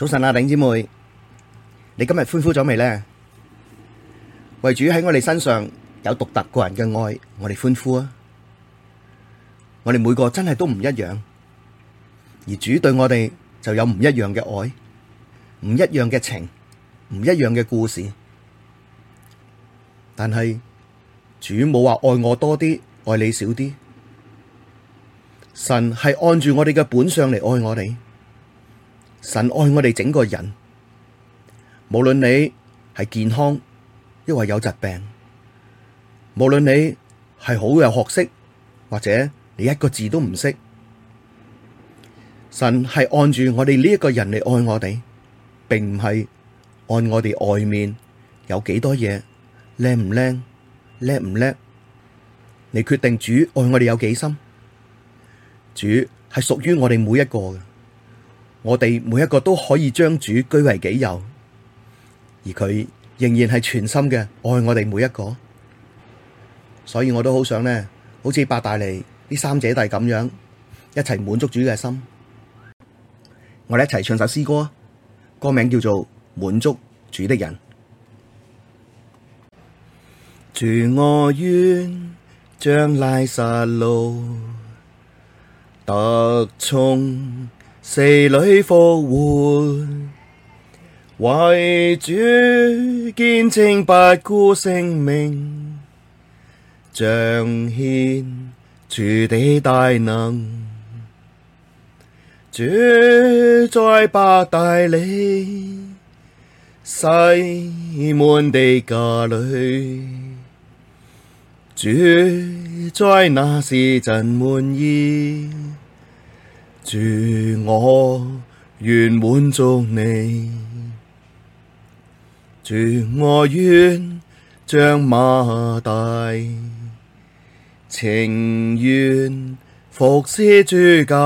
早晨啊，頂姐妹，你今日歡呼咗未呢？為主喺我哋身上有獨特個人嘅愛，我哋歡呼啊！我哋每個真係都唔一樣，而主對我哋就有唔一樣嘅愛，唔一樣嘅情，唔一樣嘅故事。但係主冇話愛我多啲，愛你少啲。神係按住我哋嘅本相嚟愛我哋。神愛我哋整個人，無論你係健康，抑或有疾病；無論你係好有學識，或者你一個字都唔識，神係按住我哋呢一個人嚟愛我哋，並唔係按我哋外面有幾多嘢靚唔靚、叻唔叻，你決定主愛我哋有幾深。主係屬於我哋每一個嘅。我哋每一個都可以將主據為己有，而佢仍然係全心嘅愛我哋每一個，所以我都好想呢，好似伯大尼呢三姐弟咁樣，一齊滿足主嘅心。我哋一齊唱首詩歌，歌名叫做《滿足主的人》。主我願，像拉撒路得從，死裡復活，為主見證不顧性命，彰顯主的大能。主在伯大尼，西門的家裡，主在那時真滿意。主我願滿足你，主我願像馬大，情願服侍主家，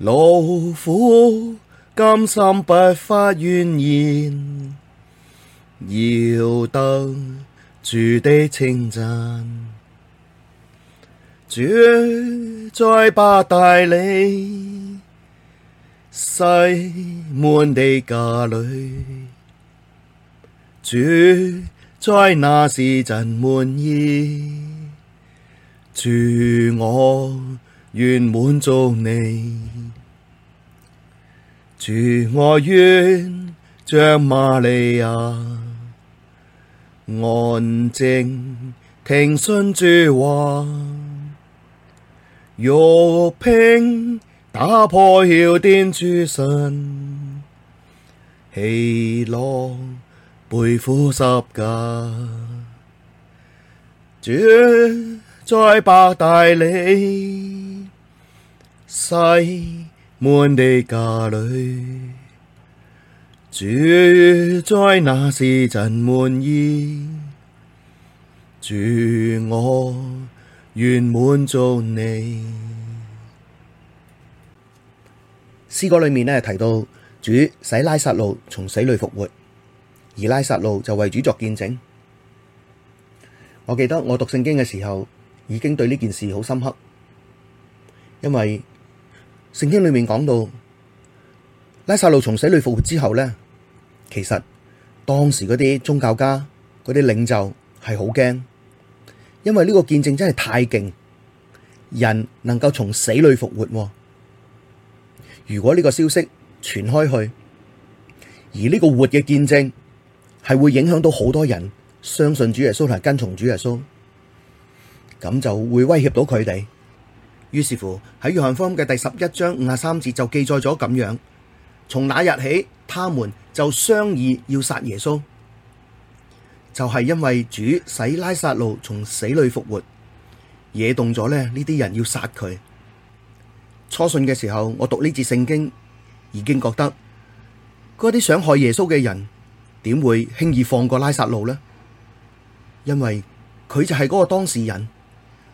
勞苦甘心不發怨言，要得主的稱讚，在伯大尼，西滿的家裡，主在那時真滿意，主我願滿足你，主我願像瑪利亞，安靜聽信主話。玉瓶打破澆奠主身，喜樂背負十架，主在伯大尼，西門的家裡，主在那時真滿意，主我。願滿足你。詩歌裏面咧提到主使拉撒路從死裏復活，而拉撒路就為主作見證。我記得我讀聖經嘅時候，已經對呢件事好深刻，因為聖經裏面講到拉撒路從死裏復活之後呢，其實當時嗰啲宗教家、嗰啲領袖係好驚。因為呢個見證真係太勁，人能夠從死裏復活、啊。如果呢個消息傳開去，而呢個活嘅見證係會影響到好多人相信主耶穌同埋跟從主耶穌，咁就會威脅到佢哋。於是乎喺約翰福音嘅第十一章五十三節就記載咗咁樣：從那日起，他們就商議要殺耶穌。就係因為主使拉撒路從死裏復活，惹動咗呢啲人要殺佢。初信嘅時候，我讀呢節聖經已經覺得，嗰啲想害耶穌嘅人點會輕易放過拉撒路呢？因為佢就係嗰個當事人，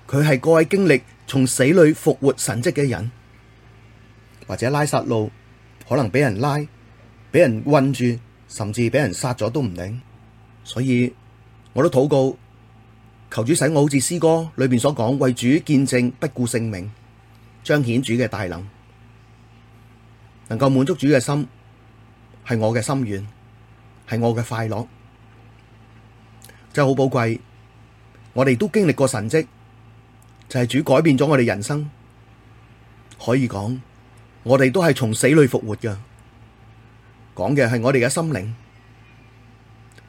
佢係嗰位經歷從死裏復活神跡嘅人，或者拉撒路可能俾人拉、俾人困住，甚至俾人殺咗都唔定。所以，我都禱告，求主使我好似詩歌裏邊所講，為主見證不顧性命，彰顯主嘅大能，能夠滿足主嘅心，係我嘅心願，係我嘅快樂，真係好寶貴。我哋都經歷過神蹟，就係主改變咗我哋人生，可以講，我哋都係從死裏復活噶，講嘅係我哋嘅心靈。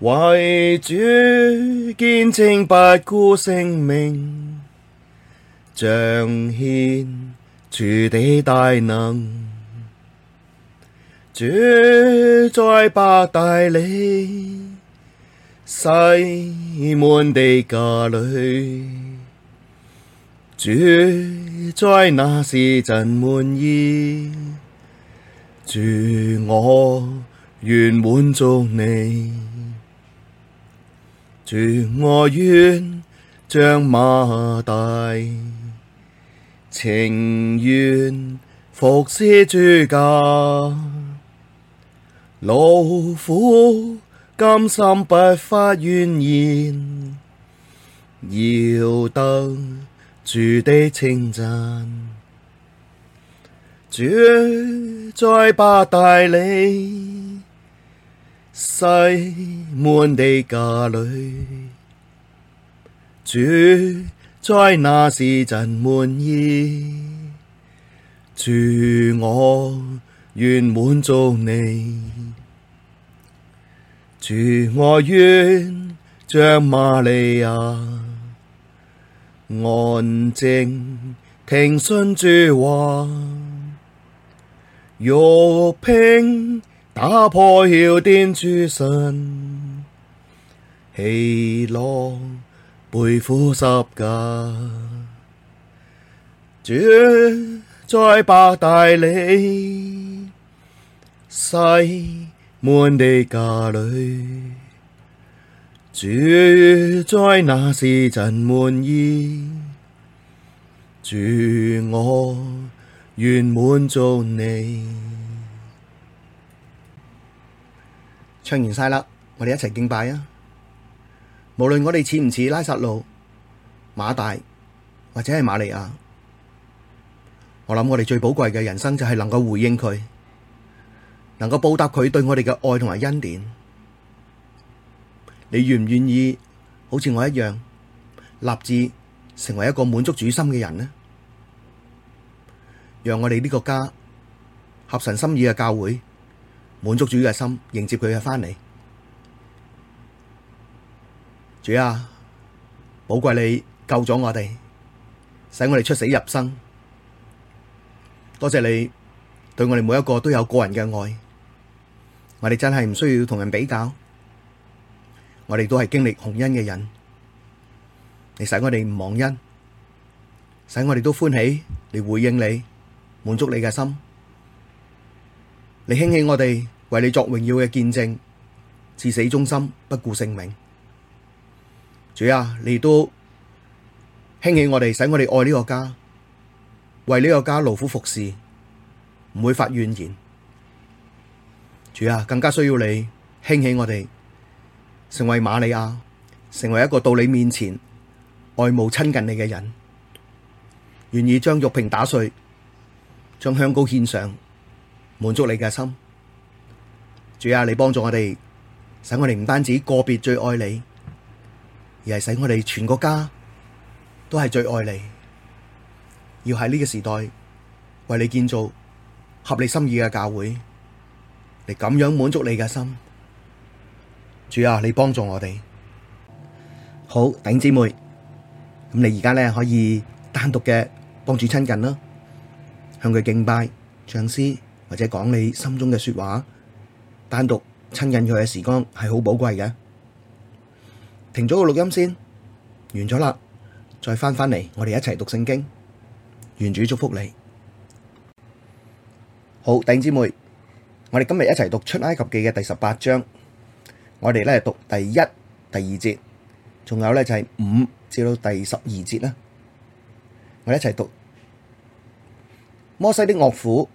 為主見證不顧性命，彰顯主的大能，主在伯大尼，西門的家裡。主在那時真滿意，主我願滿足你。主我願像馬大，情願服侍主家，勞苦甘心不發怨言，要得主的稱讚，主在伯大尼。西門的家裡，主在那時真滿意，主我願滿足你，主我願像瑪利亞，安靜聽信主話，玉瓶。打破澆奠主身喜樂，背負十架，主在伯大尼，西門的家裡，主在那時真滿意，主我願滿足你。唱完晒啦，我哋一齊敬拜啊！無論我哋似唔似拉撒路、馬大或者係瑪利亞，我諗我哋最寶貴嘅人生就係能夠回應佢，能夠報答佢對我哋嘅愛同埋恩典。你願唔願意好似我一樣，立志成為一個滿足主心嘅人呢？讓我哋呢個家合神心意嘅教會。滿足主嘅心，迎接佢嘅翻嚟。主啊，寶貴你救咗我哋，使我哋出死入生。多謝你對我哋每一個都有個人嘅愛，我哋真係唔需要同人比較，我哋都係經歷紅恩嘅人。你使我哋唔忘恩，使我哋都歡喜嚟回應你，滿足你嘅心，你興起我哋。為你作榮耀嘅見證，至死忠心，不顧性命。主啊，你都興起我哋，使我哋愛呢個家，為呢個家勞苦服侍，唔會發怨言。主啊，更加需要你興起我哋，成為瑪利亞，成為一個到你面前愛慕親近你嘅人，願意將玉瓶打碎，將香膏獻上，滿足你嘅心。主啊，你幫助我哋，使我哋唔單止個別最愛你，而係使我哋全個家都係最愛你。要喺呢個時代為你建造合你心意嘅教會，嚟咁樣滿足你嘅心。主啊，你幫助我哋。好，弟兄姊妹，咁你而家咧，可以單獨嘅幫主親近啦，向佢敬拜、唱詩或者講你心中嘅說話。單獨親近佢嘅時光係好寶貴嘅。停咗個錄音先，完咗啦，再翻返嚟，我哋一齊讀聖經。願主祝福你。好，弟兄姊妹，我哋今日一齊讀出埃及記嘅第十八章。我哋咧讀第一、第二節，仲有咧就係五至到第十二節啦。我哋一齊讀摩西的岳父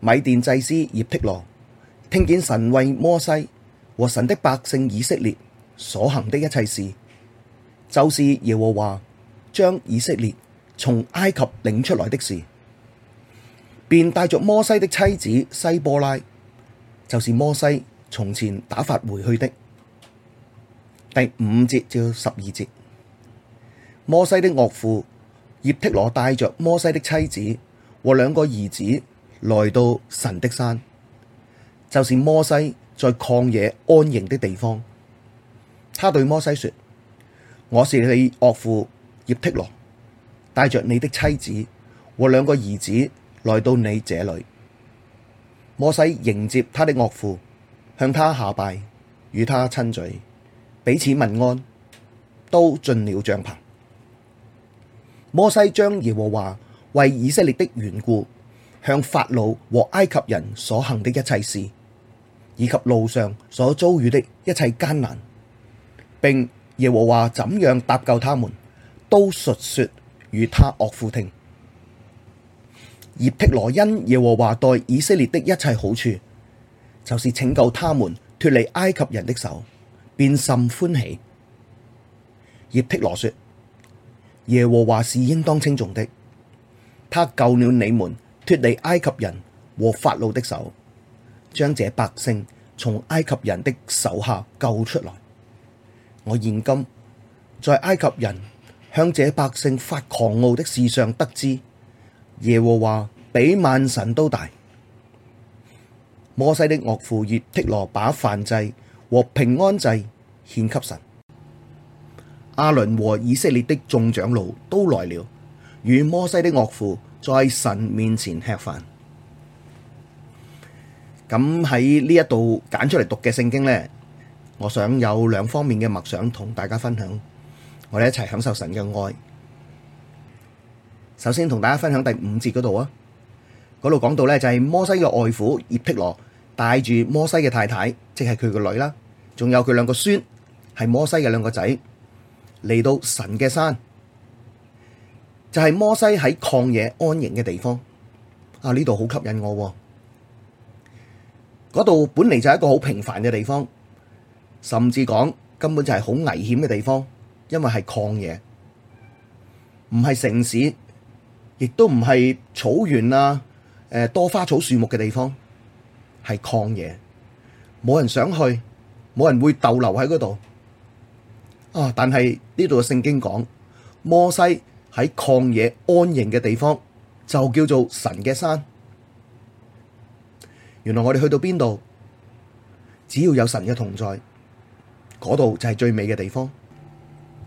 米甸祭司葉忒羅。聽見神為摩西和神的百姓以色列所行的一切事，就是耶和華將以色列從埃及領出來的事，便帶着摩西的妻子西坡拉，就是摩西從前打發回去的。第五節至十二節，摩西的岳父葉忒羅帶着摩西的妻子和兩個兒子來到神的山。就是摩西在曠野安營的地方，他對摩西說：我是你岳父葉忒羅，帶着你的妻子和兩個兒子來到你這裡。摩西迎接他的岳父，向他下拜，與他親嘴，彼此問安，都進了帳篷。摩西將耶和華為以色列的緣故向法老和埃及人所行的一切事。以及路上所遭遇的一切艱難，並耶和華怎樣搭救他們，都述說與他岳父聽。葉忒羅因耶和華待以色列的一切好處，就是拯救他們脫離埃及人的手，便甚歡喜。葉忒羅說：耶和華是應當稱頌的，他救了你們脫離埃及人和法老的手。將這百姓從埃及人的手下救出來。我現今在埃及人向這百姓發狂傲的事上得知，耶和華比萬神都大。摩西的岳父葉忒羅把燔祭和平安祭獻給神。亞倫和以色列的眾長老都來了，與摩西的岳父在神面前吃飯。咁喺呢一度揀出嚟讀嘅聖經呢，我想有兩方面嘅默想同大家分享，我哋一齊享受神嘅愛。首先同大家分享第五節嗰度啊，嗰度講到呢，就係摩西嘅外父葉忒羅帶住摩西嘅太太，即係佢個女啦，仲有佢兩個孫，係摩西嘅兩個仔嚟到神嘅山，就係、是、摩西喺曠野安營嘅地方。啊，呢度好吸引我、啊。嗰度本嚟就係一個好平凡嘅地方，甚至講根本就係好危險嘅地方，因為係曠野，唔係城市，亦都唔係草原啊，誒多花草樹木嘅地方，係曠野，冇人想去，冇人會逗留喺嗰度啊！但係呢度嘅聖經講，摩西喺曠野安營嘅地方，就叫做神嘅山。原來我哋去到邊度，只要有神嘅同在，嗰度就係最美嘅地方。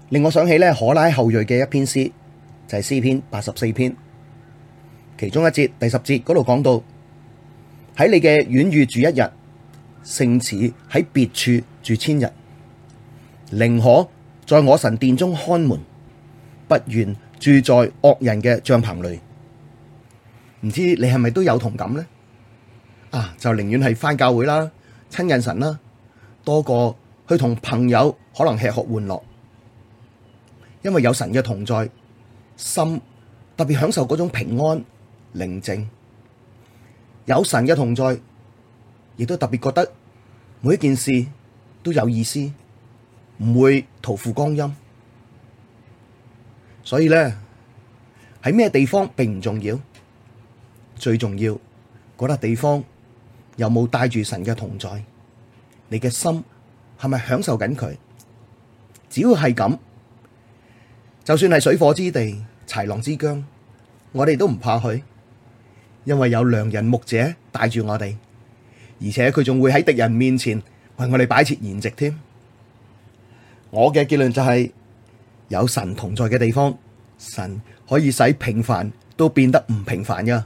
令我想起咧，可拉後裔嘅一篇詩，就係、是、詩篇八十四篇，其中一節第十節嗰度講到：喺你嘅院遇院宇住一日，勝似喺別處住千日；寧可在我神殿中看門，不願住在惡人嘅帳篷裏。唔知你係咪都有同感呢？」啊！就寧願係返教會啦，親近神啦，多過去同朋友可能吃喝玩樂，因為有神嘅同在，心特別享受嗰種平安寧靜。有神嘅同在，亦都特別覺得每一件事都有意思，唔會徒負光陰。所以呢，喺咩地方並唔重要，最重要嗰笪、那個、地方。有冇帶住神嘅同在？你嘅心係咪享受緊佢？只要係咁，就算係水火之地、豺狼之疆，我哋都唔怕佢，因為有良人牧者帶住我哋，而且佢仲會喺敵人面前為我哋擺設筵席添。我嘅結論就係，有神同在嘅地方，神可以使平凡都變得唔平凡噶。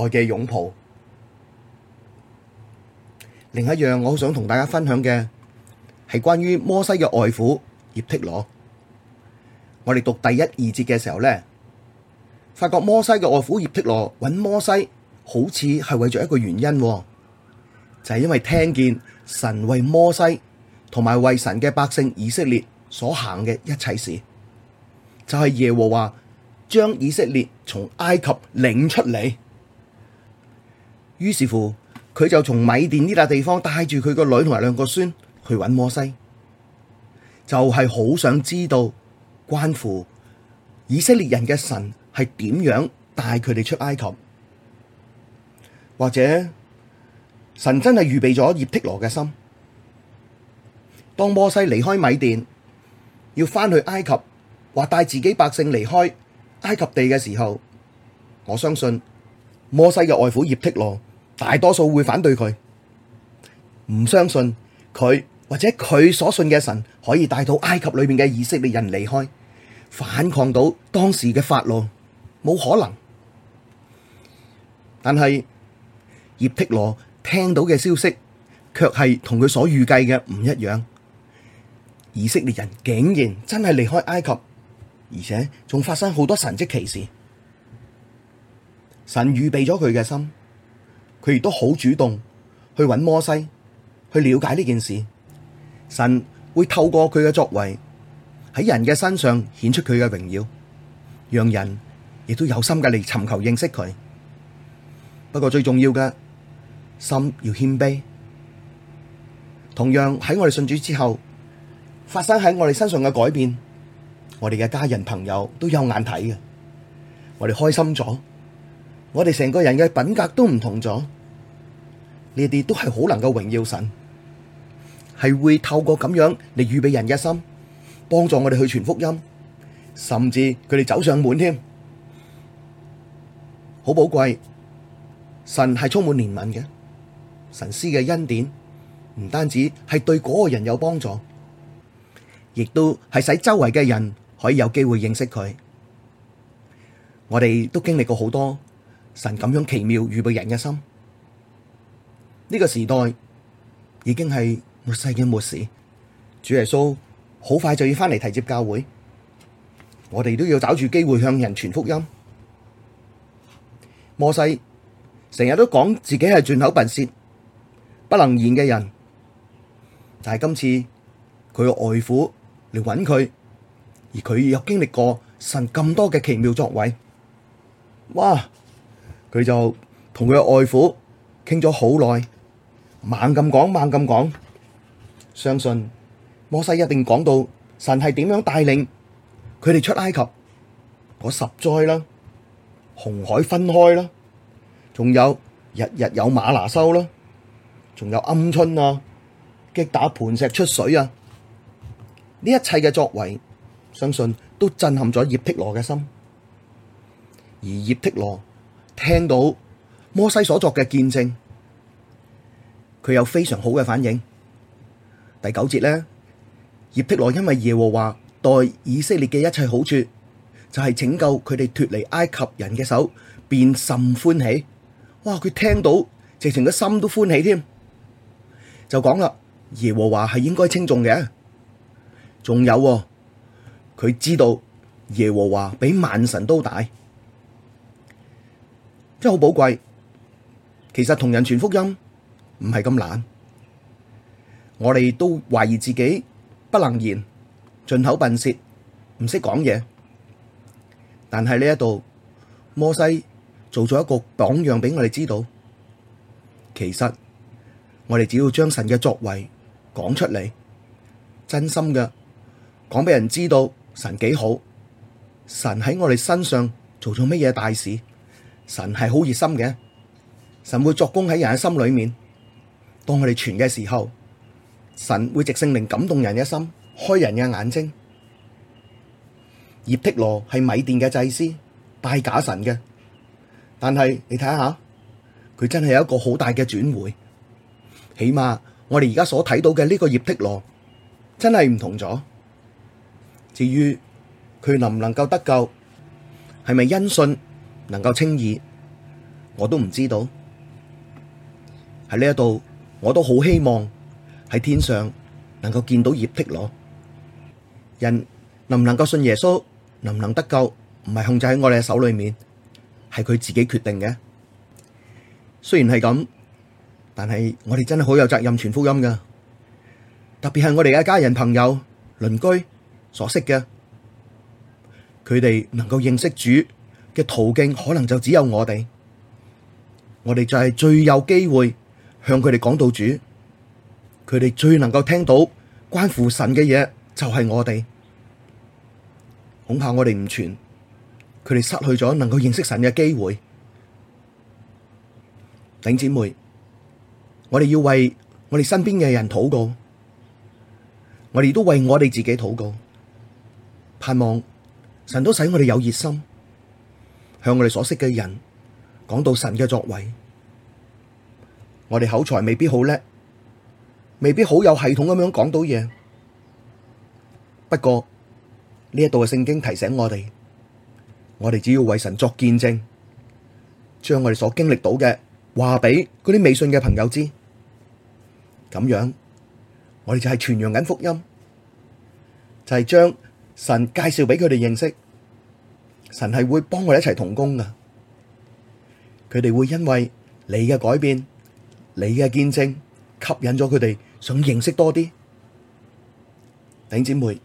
愛嘅擁抱。另外一樣我好想同大家分享嘅係關於摩西嘅外父葉忒羅。我哋讀第一二節嘅時候呢，發覺摩西嘅外父葉忒羅揾摩西，好似係為咗一個原因，就係因為聽見神為摩西同埋為神嘅百姓以色列所行嘅一切事，就係耶和華將以色列從埃及領出嚟。於是乎，佢就從米甸呢笪地方帶住佢個女同埋兩個孫去揾摩西，就係、是、好想知道關乎以色列人嘅神係點樣帶佢哋出埃及，或者神真係預備咗葉忒羅嘅心。當摩西離開米甸，要返去埃及，話帶自己百姓離開埃及地嘅時候，我相信摩西嘅外父葉忒羅。大多數會反對佢，唔相信佢或者佢所信嘅神可以帶到埃及裡面嘅以色列人離開，反抗到當時嘅法老，冇可能。但係葉忒羅聽到嘅消息，卻係同佢所預計嘅唔一樣。以色列人竟然真係離開埃及，而且仲發生好多神蹟奇事。神預備咗佢嘅心。佢亦都好主動去揾摩西，去了解呢件事。神會透過佢嘅作為，喺人嘅身上顯出佢嘅榮耀，讓人亦都有心嘅嚟尋求認識佢。不過最重要嘅，心要謙卑。同樣喺我哋信主之後，發生喺我哋身上嘅改變，我哋嘅家人朋友都有眼睇嘅。我哋開心咗。我哋成個人嘅品格都唔同咗，呢啲都係好能夠榮耀神，係會透過咁樣嚟預備人嘅心，幫助我哋去傳福音，甚至佢哋走上門添，好寶貴。神係充滿憐憫嘅，神施嘅恩典唔單止係對嗰個人有幫助，亦都係使周圍嘅人可以有機會認識佢。我哋都經歷過好多。神咁樣奇妙預備人嘅心，呢個時代已經係末世嘅末時。主耶穌好快就要翻嚟提接教會，我哋都要抓住機會向人傳福音。摩西成日都講自己係拙口笨舌不能言嘅人，但係今次佢嘅外父嚟揾佢，而佢又經歷過神咁多嘅奇妙作為，哇！佢就同佢嘅外父傾咗好耐，猛咁講，猛咁講。相信摩西一定講到神係點樣帶領佢哋出埃及嗰十災啦，紅海分開啦，仲有日日有馬拿收啦，仲有鵪鶉啊，擊打磐石出水啊，呢一切嘅作為，相信都震撼咗葉忒羅嘅心，而葉忒羅，聽到摩西所作嘅見證，佢有非常好嘅反應。第九節咧，葉忒羅因為耶和華待以色列嘅一切好處，就係拯救佢哋脱離埃及人嘅手，便甚歡喜。哇！佢聽到直情個心都歡喜添，就講啦，耶和華係應該稱頌嘅。仲有喎，佢知道耶和華比萬神都大。真係好寶貴。其實同人傳福音唔係咁難，我哋都懷疑自己不能言，拙口笨舌，唔識講嘢。但係呢一度，摩西做咗一個榜樣俾我哋知道，其實我哋只要將神嘅作為講出嚟，真心嘅講俾人知道，神幾好，神喺我哋身上做咗乜嘢大事。神係好熱心嘅，神會作工喺人嘅心裏面。當我哋傳嘅時候，神會藉聖靈感動人嘅心，開人嘅眼睛。葉忒羅係米甸嘅祭司，拜假神嘅。但係你睇下，佢真係有一個好大嘅轉會。起碼我哋而家所睇到嘅呢個葉忒羅，真係唔同咗。至於佢能唔能夠得救，係咪因信？能夠稱義，我都唔知道。喺呢一度，我都好希望喺天上能夠見到葉忒羅。人能唔能夠信耶穌，能唔能得救，唔係控制喺我哋嘅手裏面，係佢自己決定嘅。雖然係咁，但係我哋真係好有責任傳福音噶。特別係我哋嘅家人、朋友、鄰居、所識嘅，佢哋能夠認識主。嘅途徑可能就只有我哋。我哋就係最有機會向佢哋講到主。佢哋最能夠聽到關乎神嘅嘢，就係我哋。恐怕我哋唔傳，佢哋失去咗能夠認識神嘅機會。頂姐妹，我哋要為我哋身邊嘅人禱告。我哋都為我哋自己禱告。盼望，神都使我哋有熱心，向我哋所識嘅人講到神嘅作為，我哋口才未必好叻，未必好有系統咁樣講到嘢。不過呢一度嘅聖經提醒我哋，我哋只要為神作見證，將我哋所經歷到嘅話俾嗰啲未信嘅朋友知，咁樣我哋就係傳揚緊福音，就係將神介紹俾佢哋認識。神係會幫我哋一齊同工噶，佢哋會因為你嘅改變、你嘅見證，吸引咗佢哋想認識多啲。弟兄姊妹，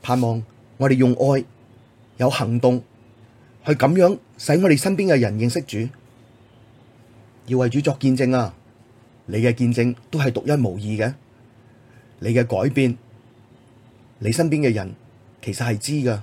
盼望我哋用愛、有行動，去咁樣使我哋身邊嘅人認識主，要為主作見證啊！你嘅見證都係獨一無二嘅，你嘅改變，你身邊嘅人其實係知噶。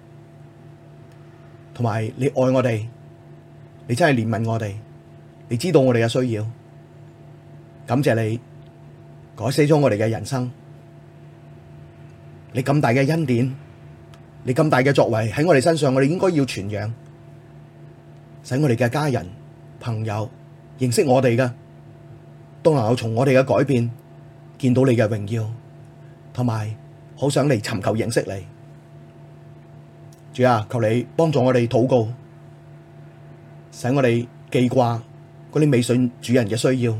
同埋，你愛我哋，你真係憐憫我哋，你知道我哋嘅需要，感謝你改寫咗我哋嘅人生。你咁大嘅恩典，你咁大嘅作為喺我哋身上，我哋應該要傳揚，使我哋嘅家人朋友認識我哋嘅，都能夠從我哋嘅改變見到你嘅榮耀，同埋好想嚟尋求認識你。主啊，求你幫助我哋禱告，使我哋記掛嗰啲未信主人嘅需要，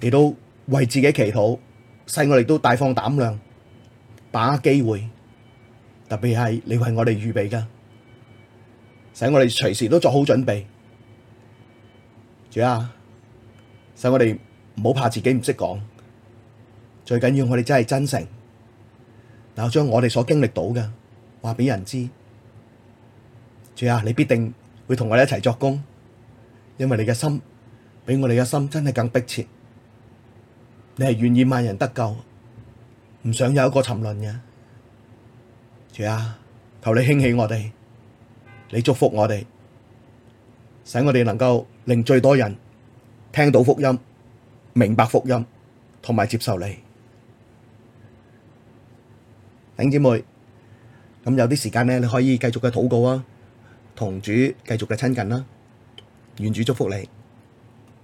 你都為自己祈禱，使我哋都大放膽量，把握機會。特別係你為我哋預備嘅，使我哋隨時都做好準備。主啊，使我哋唔好怕自己唔識講，最緊要我哋真係真誠，然後，將我哋所經歷到嘅，話俾人知，主啊，你必定會同我哋一齊作工，因為你嘅心比我哋嘅心真係更迫切，你係願意萬人得救，唔想有一個沉淪嘅，主啊，求你興起我哋，你祝福我哋，使我哋能夠令最多人聽到福音、明白福音，同埋接受你，弟兄姊妹。咁有啲時間咧，你可以繼續嘅禱告啊，同主繼續嘅親近啦啊，願主祝福你。